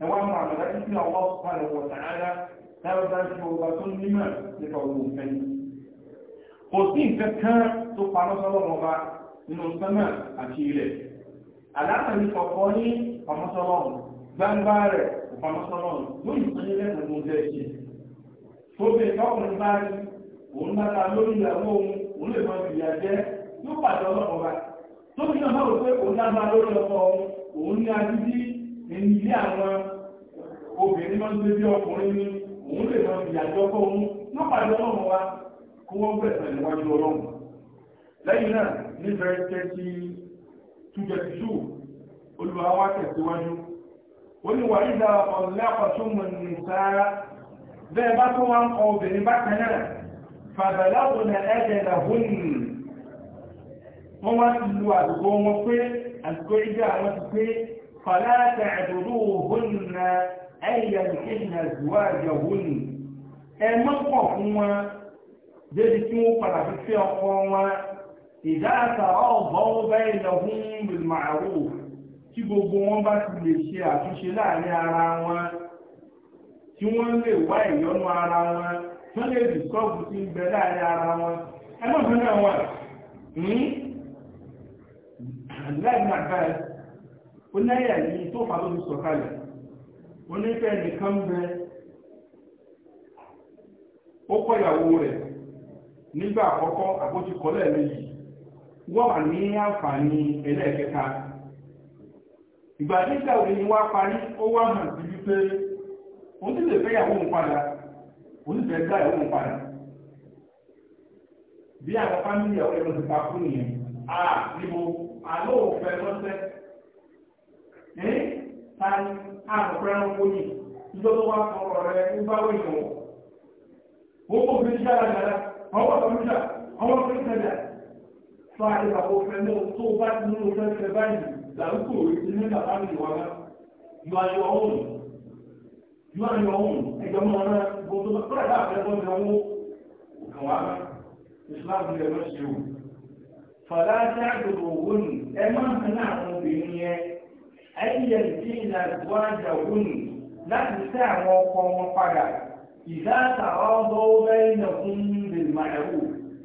mú àmàlà ìpínlẹ̀ ọwọ́ sùpàlẹ̀ wọ̀ sàádá dáadáa ọba tó nímọ̀ nípa òun òfin kò sí nǹkan kan tó paná nínú a àti ilẹ̀ alákàní kọ̀ọ̀kọ́ ní pamọ́sọ́lọ́run gbangba rẹ̀ pamọ́sọ́lọ́run lóyún tó obìnrin máa ń gbé bí ọkùnrin ní òun lè máa ní verse thirty two thirty two olùwà wa tẹ̀síwájú ó ní wà nígbà ọ̀lẹ́kọ̀tún mọ̀ nìsára bẹ́ẹ̀ bá tó wá ń kọ obìnrin bákan náà fàbàláwò na ẹ̀dẹ̀ na hónì wọ́n wá ti lu ẹ̀yà ìkéjìnà ìwà àjọ hónì fún wọn débi tí wọ́n padà fi fẹ́ wọn ìdá àtàrà ọ̀gbọ́n bẹ́ẹ̀ lọ́hún bìlmàrú tí gbogbo wọn bá ti lè ṣe àtúnṣe láàrin ara wọn tí wọ́n lè wá ìyọnu ara wọn tí wọ́n lè dìkọ́ọ̀bù tí ń bẹ láàrin ara wọn ẹ má náà wọn hmm? ó náyà yìí tó fà sọ̀kalẹ̀ ó ní fẹ́ nìkan bẹ ó kọ́ ìyàwó rẹ̀ nígbà àkọ́kọ́ àbójúkọ́ lẹ́ẹ̀mejì wọ́n ní àǹfààní ẹlẹ́ẹ̀kẹta ìgbà òní wá parí ó wá hàn sí wípé ti lè fẹ́ ìyàwó òun padà òun ti fẹ́ gbá ìyàwó padà bí àwọn fámìlì ọ̀rẹ́ ló ti ta fún nìyẹn a níbo àlọ́ òfẹ́ lọ́sẹ̀ ta ni yìí tó wá sọ ọ̀rọ̀ rẹ ń bá kò fi ọwọ́ fa ìràwọ̀ fẹ́ náà tó bá ti nínú fẹ́fẹ́ báyìí làrúkò inú bàbá mi wà lá yọ ayọ̀ ọ̀hún yọ ayọ̀ ọ̀hún ẹ̀jọ̀ mọ́ ọ̀nà gbogbo tó rẹ̀ láàbẹ̀ ẹ̀gbọ́n mi ọwọ́ òkàn wà lá Islam ní ẹ̀rọ ṣe o. Fàlá tí a owó nù ẹ máa ń ná àwọn obìnrin yẹn ayé ti ìlà ìwà àjà owó nù láti tẹ́ àwọn ọkọ wọn padà ìdá àtàwọn ọgbọ́n bẹ́ẹ̀ nà fún bèèmà ẹ̀wò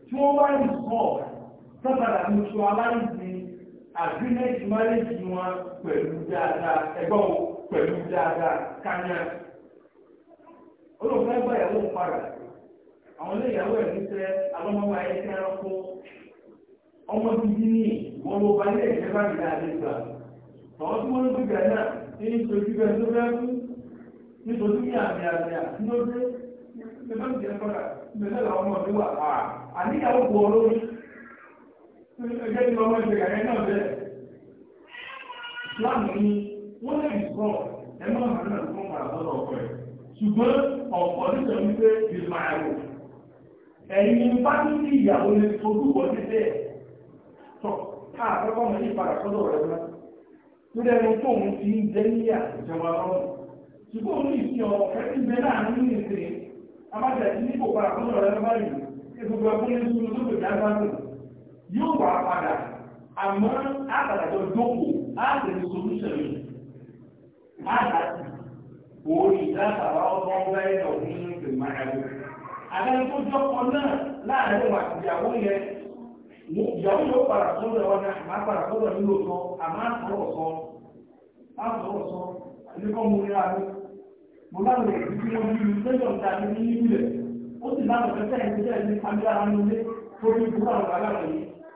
tí wọ́n bá ń sọ̀rọ̀ sábàdà mú sọ aláìsí agreement marriage wọn pẹ̀lú dáadáa ẹgbọ́n pẹ̀lú dáadáa kányá olùfẹ́ gbọ́ ìyàwó padà àwọn ilé ìyàwó ẹ̀ ní sẹ́ alọ́mọwá ayé tí wọ́n kó ọmọ bíbí ní wọn ló bá ilé ìjọba ìlà àdégbà àwọn tí wọ́n ń gbé gbà náà ní ìtòjú bẹ́ẹ̀ tó bẹ́ẹ̀ kú nítorí ní àmì àmì àti lóde ní bá ń jẹ́ padà ní bẹ́ẹ̀ làwọn ọmọ mi wà á àníyàwó kú ọ lórí ẹgbẹ́ tí wọ́n ṣe kàrẹ́ náà bẹ́ẹ̀ láàmú ní wọ́n lè sọ ẹ máa hàn náà fún àtọ́lọ̀ ọ̀pọ̀ ẹ̀ ṣùgbọ́n ọ̀pọ̀ nígbà wípé ìmáàrò ẹ̀yìn bá ní sí ìyàwó lè fojú wọ́n ti bẹ́ẹ̀ tọ́ káàkọ́kọ́ mọ̀ ní ìpadà sọ́dọ̀ rẹ̀ wá tó dẹnu tó ń fi ń jẹ́ ní àtìjọba lọ́rùn ṣùgbọ́n ní ìsìn ọ̀fẹ́ ti bẹ láàrin ní ìsìn abájáde nípò padà sọ́dọ̀ rẹ̀ báyìí ètò ìgbà fún ní yóò wà padà àmọ́ àgbàdàjọ dókò áàbẹ̀rẹ̀ solúṣẹ̀ rẹ̀ áàbàtì òòrì ìdáàbàbà ọgbọ́n bẹ́ẹ̀ ọ̀hún ní ìgbìmọ̀ ẹ̀wọ̀. àgbẹ̀rẹ̀ tó jọ́kọ náà láàrin wà ìyàwó yẹn ìyàwó yóò padà sọ́dọ̀ ọ̀ náà má padà sọ́dọ̀ nílò sọ àmọ́ àtọ̀rọ̀ sọ àtọ̀rọ̀ sọ ẹnìkan mú ní àná mo bí ní ìbílẹ̀ ó sì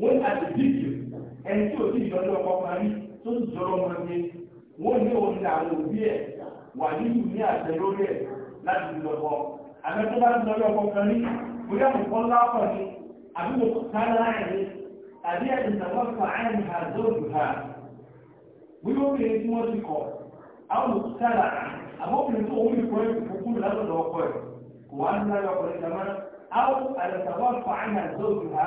wọ́n àdìdìkì ẹni tí ò sí ìjọba ọkọ̀ parí tó ń jọrọ wọn ni wọ́n ní òun ní àwọn òbí ẹ̀ wà nínú ní àṣẹ lórí ẹ̀ láti fi lọ́kọ́ àmọ́ tó bá ń jọrọ ọkọ̀ kan ní bóyá kò kọ́ lápọ̀ ni àbí kò kánà láìní àbí ẹ̀ ìtàwọn fà á ní àdóòdù ha wíwí obìnrin tí wọ́n ti kọ̀ àwọn òkútàlà àmọ́ obìnrin tó ń kọ́ ìfòkúrò látọ̀dọ̀ ọkọ̀ ẹ̀ kò wá ń láyọ̀ ọkọ̀ ìjàmá àwọn àdàtàwọn fà á ní àdóòdù ha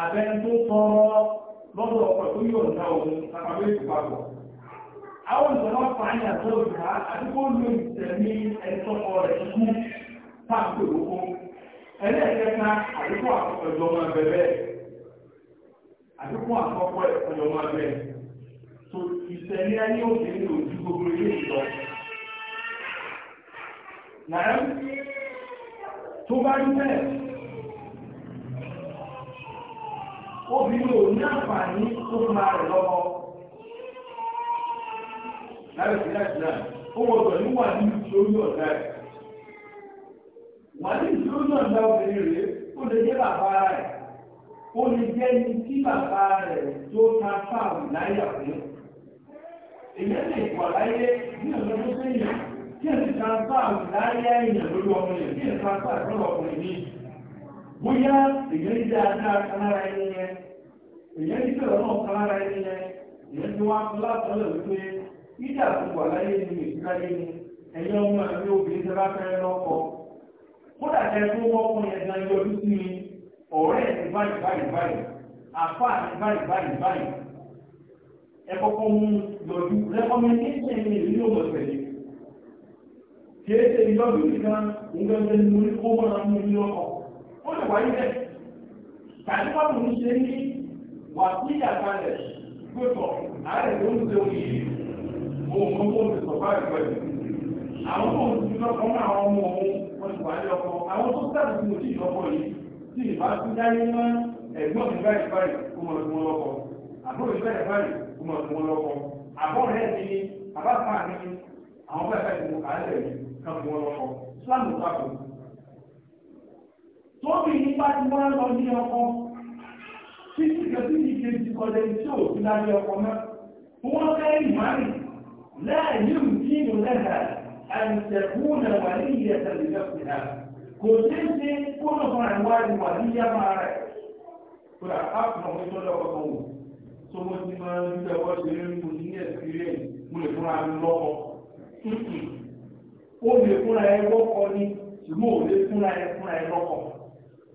abẹ́ tó tọrọ lọ́dọ̀ ọkọ̀ tó yóò dá òun sàkàwé ìpapọ̀. Àwọn ìjọba fàáyà tó ìgbà àdúgbò ló ìtẹ̀mí ẹ̀tọ́kọ rẹ̀ kú pàpẹ̀ òkú. Ẹlẹ́ẹ̀kẹta àdúgbò àkọ́kọ́ ìjọba bẹ̀rẹ̀. Àdúgbò àkọ́kọ́ ìjọba bẹ̀rẹ̀. So ìtẹ̀mí ayé òkè ní ojú gbogbo ilé ìjọ. Nàá tó bá rí bẹ́ẹ̀ obìnrin ò ní àǹfààní tó máa rẹ̀ lọ́wọ́. Lábẹ́ sí láti náà, ó wọ́pọ̀ ní wà ní ìṣòro ọ̀dá ẹ̀. Wà ní ìṣòro ọ̀dá obìnrin rẹ̀, ó lè jẹ́ bàbá rẹ̀. Ó lè jẹ́ ní tí bàbá rẹ̀ tó ta fáwọn láyà fún. Èyí lè wà láyé ní ọ̀dọ́ tó sẹ́yìn, kí ẹ̀sìn ta fáwọn láyà èèyàn lórí ọmọ yẹn, kí ẹ̀sìn ta fáwọn lọ́wọ́ ọkùnrin yìí bóyá èyàn ní dáadáa kanára ẹni yẹn èyàn ní bẹ̀rẹ̀ náà kanára ẹni yẹn èyàn ní wá fún látọ̀lẹ̀ wípé ìdá tó wà láyé ni ìsíláyé ni ẹ̀yẹ ọmọ ẹ̀mí obìnrin tẹ́lá fẹ́ lọ́kọ kódà kẹ́ tó wọ́pọ̀ yẹn gan yọjú sí mi ọ̀rẹ́ ẹ̀ báyìí báyìí báyìí àfa àti báyìí báyìí báyìí ẹ kọ́kọ́ mú yọjú rẹ́kọ́mẹ́ndéṣẹ̀ ni èyí ló mọ̀ tẹ̀lé kí é ṣe ìjọba ìgbà ń gbẹ́gbẹ́ ní orí kó mọ̀ràn mú ní ọkọ̀ ó lè wáyé bẹ́ẹ̀ tàbí wọ́n mú ṣe ní wà sí ìyàkalẹ̀ gbọ́tọ̀ àárẹ̀ ló ń ṣe òun yìí mo mọ bó ti sọ̀rọ̀ àìpẹ́ àwọn tó ń ti lọ́kọ́ mọ́ àwọn ọmọ òun wọ́n ti wà ní ọkọ àwọn tó sábà tí mo ti lọ́kọ́ yìí tí ìbá ti dáyé mọ́ ẹ̀gbọ́n mi báyìí báyìí kó mọ̀ fún wọn lọ́kọ mi báyìí báyìí kó mọ̀ fún wọn àbọ̀ rẹ̀ ni àbá fún àwọn bẹ́ẹ̀ bẹ́ẹ̀ tóbi nípa ti wọ́n lọ ní ọkọ tí ìgbẹ́ tí ìgbẹ́ ti kọjá tí ò sí lábẹ́ ọkọ mọ́ wọ́n fẹ́ ìmárì láàyè ìdílù lẹ́hà àìsẹ̀kúnà wà ní ìyẹ̀sẹ̀ lẹ́fẹ̀ẹ́ kò ṣe é ṣe kó lọ fún àìwá ìwà ní yàmà rẹ̀ ó lè fúnra ẹ lọ́kọ̀ ni ṣùgbọ́n ò lè fúnra ẹ fúnra ẹ lọ́kọ̀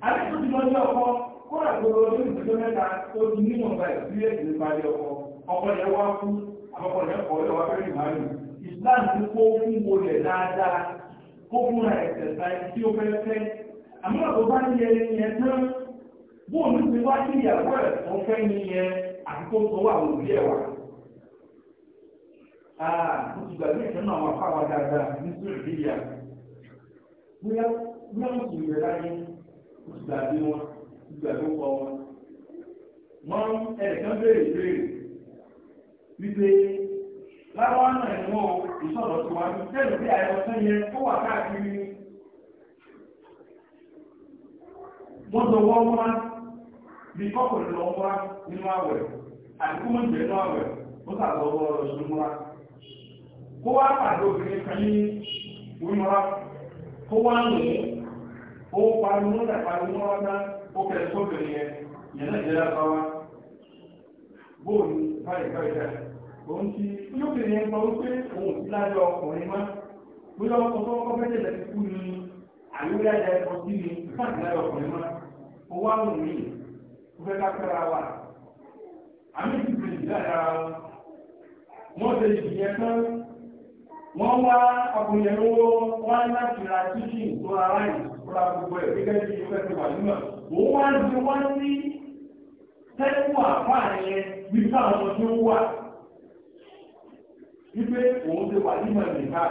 alẹ́ tó ti lọ sí ọkọ kóra gbogbo ní ìdíjọ́ mẹ́ta tó ti ní ìwọ̀nba ọkọ ọkọ yẹn wá kú ọkọ ọkọ kọ́ yẹ wá fẹ́rẹ̀ Islam ti kó fún olè dáadáa kó fún ra ẹ̀sẹ̀ tí ó fẹ́ fẹ́ àmọ́ àgbo bá ní yẹn tán ti wá sí ìyàwó ẹ̀ tó fẹ́ ní yẹn tó wà wò bí ẹ̀ wà. Mo ti gbàgbé dáadáa ní Bóyá bóyá gbàgbé wọn gbàgbé kọ wọn. wọ́n ẹ̀ẹ̀kan béèrè béèrè wípé láwọn náà ni wọ́n ìsọ̀rọ̀ tó wá ní tẹ́lẹ̀ bí àyẹ̀wò tó yẹ kó wà káàkiri ni. wọ́n sọ wọ́n wá bí kọ́kùnrin lọ wá nínú àwẹ̀ àti kúmọ̀ jẹ́ nínú àwẹ̀ ó sàlọ́ ọwọ́ ọ̀rọ̀ sí múra. kó wá pàdé obìnrin kan ní wíwá kó wá nù o parimọ́ náà parimọ́ ọ́nà ó kẹ́ sóbìnrin yẹn yẹn náà jẹ́ lábáwá bóòlù báyìí báyìí dà òun ti ya yẹn sọ wípé òun ti lájọ ọkùnrin mọ́ bóyá ọkọ̀ tó kọ́ fẹ́jẹ̀ lẹ́ti kú ni ọkùnrin mi ká wa àmì ìdìbò wọn ṣe wá ọkùnrin yẹn lówó láti ra tó fúra gbogbo ẹ̀ gẹ́gẹ́ bí ìfẹ́ ti wà nínú ẹ̀ òun wá ń di wá sí tẹ́kù àfáà yẹn nípa àwọn tó wà wípé òun ti wà nínú ẹ̀ nìka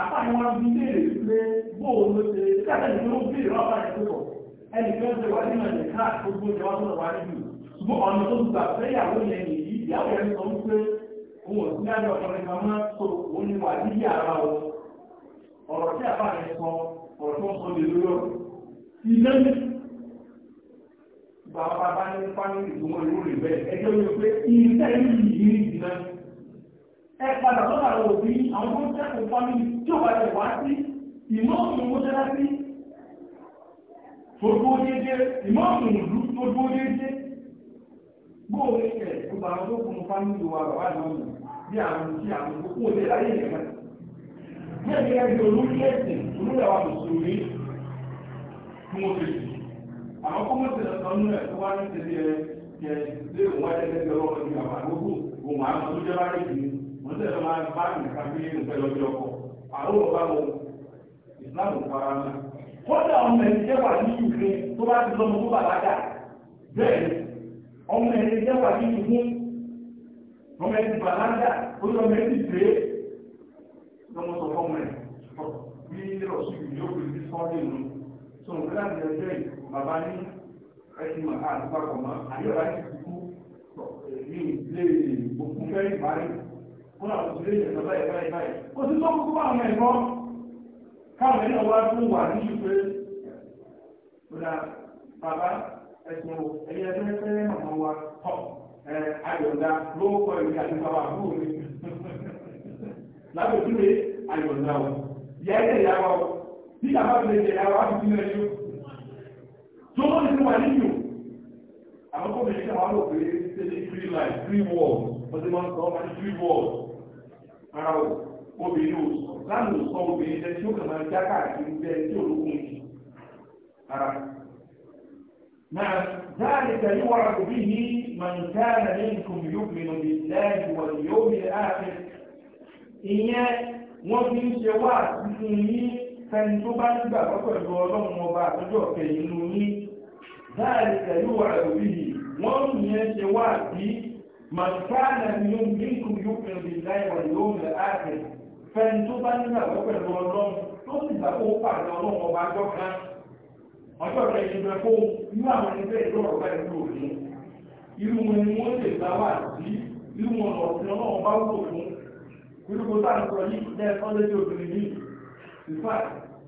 àfáà yẹn wá léèrè pé bóòlù ló ṣe dáadáa ní ó bí ìrọ̀ àfáà yẹn tó pọ̀ ẹnìkan ti wà nínú ẹ̀ nìka gbogbo ìjọba tó wà nínú ṣùgbọ́n ọ̀nà tó gbà fẹ́yàwó yẹn nìyí ìyàwó yẹn sọ wípé òun ò sí ọ̀rọ̀ tí àbá rẹ̀ sọ ọ̀rọ̀ sọ lè lórí ọ̀rọ̀ ilé ní ìgbà bàbá bá ní fámìlì tó wọ́n ìwúrì bẹ́ẹ̀ ẹjọ́ yóò pé ilé yìí ní ìdíná ẹ padà sọ́dọ̀ àwọn òbí àwọn tó ń tẹ́kọ̀ọ́ fámìlì tí ó ní ẹ̀mí ẹ̀rí olórí ẹ̀sìn olórí àwọn mùsùlùmí tí wọ́n fi jù àwọn kọ́mọ̀tì ọ̀sán nú ẹ̀ tó wá ní ti ẹ̀ ẹ̀ lé òun wáyé lẹ́gbẹ̀ẹ́ ọlọ́pàá ní àwọn àgbógbò òun àwọn tó jẹ́ láyé yìí wọ́n tẹ̀ lọ́ máa bá nìkan bí nǹkan lọ́jọ́ ọkọ̀ àwọn ọba wọn ìsìláàmù fara ọmọ ẹni jẹ́ wà ní ìwé ọmọ ẹni bàlágà ó lọ́mọ ẹni bẹ́ẹ̀ wọ́n sọ fọ́mọ ẹ̀ bí rọ̀sù yóò fi sí sọ́ọ́dì nù tó ń gbé láti ẹgbẹ́ bàbá ní ẹtì mọ̀ àdúgbàkọ̀ mọ́ àyẹ̀wò àti kúkú ní ilé òkú fẹ́ ìparí fún àwọn ìdílé ìjọba báyìí báyìí báyìí kò sí tó kúkú àwọn ẹ̀kọ́ káwọn ẹ̀yìn ọwọ́ tó wà ní ìpè ọ̀dà bàbá ẹ̀sìn ẹ̀yẹ ẹ̀fẹ́ màmá wa tọ̀ ẹ̀ ayọ̀dá lówó kọ ìrìn àti bàbá àbúrò mi lábẹ́júwe àyọ̀nà ọ̀ yẹ́ ẹ̀yẹ̀ yàwó bí kàbá fi lè jẹ̀ yàwó á fi sílẹ̀ yóò tó wọ́n ti wà níyò àwọn kọ́ mẹ́rin àwọn àwọn òpèrè ṣe ní three lines three walls wọ́n ti máa ń sọ ọmọ ní three walls ara ọ̀ obìnrin ò láàrín òsọ obìnrin jẹ́ tí ó ìyẹn wọ́n fi ń ṣe wá àtúntò yín fẹ́ni tó bá nígbà pẹ̀lú ọlọ́run ọba àtúntò ọ̀fẹ́ inú yín láàrin pẹ̀lú àròbí yìí wọ́n ń ṣe wá àbí màtánà ni ó ń dínkù yóò gbogbo bá ń sọ yìí lẹ́ẹ̀kọ́ lójú obìnrin yìí ìfà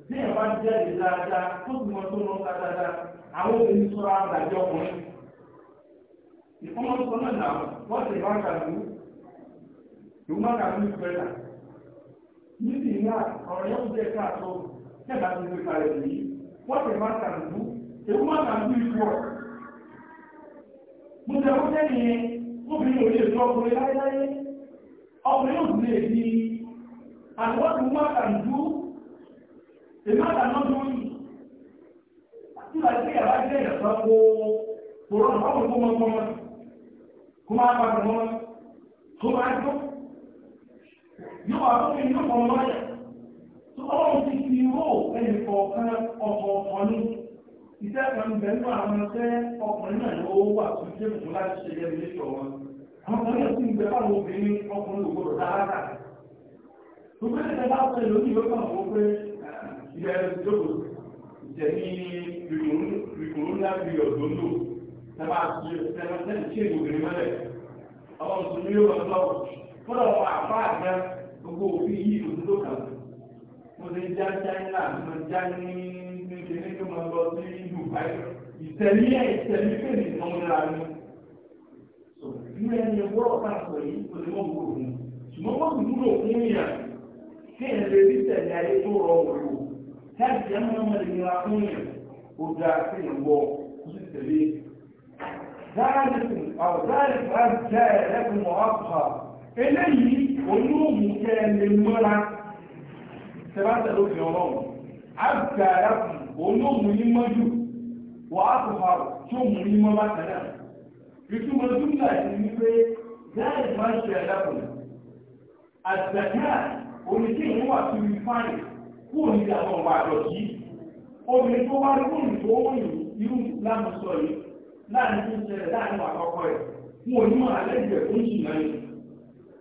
bí ẹ̀ bá jẹ́ èdè dáadáa tó sì mọ tó lọ ká dáadáa àwọn obìnrin sọ̀rọ̀ àgbàjọ ọkùnrin ìfọwọ́sọ náà nà wọ́n sì máa kàlù ìwọ́n máa kàlù ìgbẹ́là níbi ìyá ọ̀rọ̀ yóò jẹ́ káàtó kẹ́ẹ̀bá ti fi kalẹ̀ yìí wọ́n sì máa kàlù ìwọ́n máa kàlù ìfọ̀ mo jẹ́ kó jẹ́ nìyẹn obìnrin ò lè sọ ọkùnrin láéláé ọkùnrin yóò lè ní àwọ́dù mọ́kàndú ìmọ́kàndú nígbàtí yàrá jẹ́ ìyàtọ̀ kó kòrò àwọn ọmọkọmọ kó máa bá ọmọ tó máa tó yóò wà fún mi ní ọmọ ọmọ yà tó ọlọ́run ti fi ró ẹnì kọ̀ọ̀kan ọkọ̀ ọ̀kan ní iṣẹ́ kan bẹ̀rù àwọn ẹgbẹ́ ọkùnrin náà ló wà tó jẹ́ kó láti ṣe ẹgbẹ́ ìṣọ̀wọ́n ọkùnrin ẹ̀sìn ìgbẹ́ fáwọn obìnrin ọkùnrin ògbòrò dáadáa gbogbo ẹ̀sẹ̀ bá pẹ̀lú ìwé kan wọ́n pé ilẹ̀ ìjọba ìjẹ̀mí ìrìkòrò ńlá bí ọ̀dọ́ ńlò tẹ́lá sí ẹ̀sẹ̀ tí èdè obìnrin mẹ́lẹ̀ ọmọ mùsùlùmí yóò wọn lọ fúnra wọn àpá àgbà gbogbo òfin yìí lòdù tó kàn mo ti já já ńlá mo já ní ní irú ẹni ẹgbọ́rọ̀ pàtàkì yìí kò lè mọ́gbò òun ṣùgbọ́n wọ́n kò dúró fún yàn kí ẹ̀ lè rí tẹ̀lé ayé tó rọrùn lò láti ẹ̀ máa mọ̀ nira fún yàn ó dá sí ìwọ ó sì tẹ̀lé. dáàlìkùn àwòdáàlìkùn á jẹ́ ẹ̀rẹ́kùn ọ̀hánfà eléyìí olóògùn kẹ́ ẹ lè mọ́ra sẹ́fàtà ló fi ọlọ́run á gbà ẹ̀rẹ́kùn olóògùn yín mọ́jú wọ́n á tó fa tí ó mú yín mọ́ bá tẹ̀lé ìtumọ̀ júmọ̀ ti ní pé láì máa ṣe ẹ̀dàkùn àgbàjá oníṣẹ́ ìwọ̀n wà tún fáìn kú ní àwọn ọmọ àjọ yìí obìnrin tó wá rúkú ní tó wọ́n yìí irú láàmú sọ yìí láàrin tó ṣẹlẹ̀ láàrin wà kọ́kọ́ ẹ̀ fún onímọ̀ alẹ́gbẹ̀ẹ́ tó ń ṣì náà yìí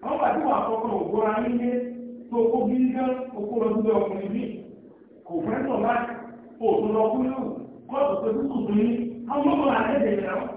àwọn bàtí wà kọ́kọ́ tó kó bí ní gán okó lọ sí ọkùnrin bí kò fẹ́ láti lọ kúrò kọ́ọ̀tù tó ní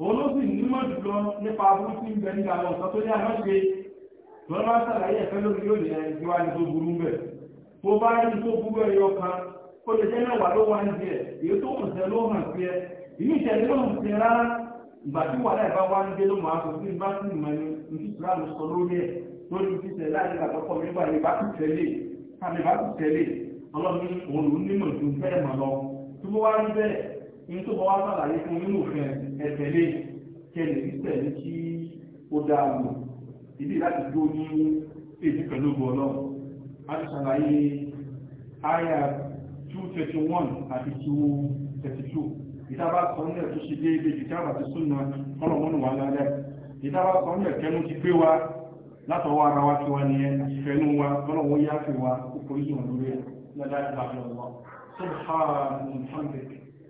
olóòsì nímọ̀ jùlọ nípa aburú tí ń bẹ ní àwọn ọ̀sán tó ní àmọ́ṣe lọ́nà máa ṣàlàyé ẹ̀fẹ́ lórí yóò lè ẹ̀jú wá ní tó burú bẹ̀. tó bá rí tó burú ẹyọ kan ó lè jẹ́ mẹ́wàá ló wá ń jẹ èyí tó ló hàn sí ẹ ìṣẹ̀lẹ̀ ló sí ẹ rárá ìgbà tí wàhálà ìbá wá ń sí ní sọ lórí ẹ ní tó bọ́ wá sàlàyé fún nínú òfin ẹ̀tẹ̀lé kẹlẹ̀ títẹ̀lé kí ó dáa lò ìdí láti dó ní èdè pẹ̀lú ọgbọ̀n náà sàlàyé àyà 231 àti 232 ìtàbá sọ ní ẹ̀ tó ṣe déédéé ìtàbà ti súnmọ́ ọlọ́mọ́nù wà lálẹ́ ìtàbá sọ ní ẹ̀kẹ́nu ti gbé wa látọwọ́ ara wa ti wá ní ẹ̀fẹ́nú wa tọ́lọ̀wọ́ yáfẹ́ wa kò kò yíò lórí lọ́dá ìgbàjọ́ ọ̀wọ́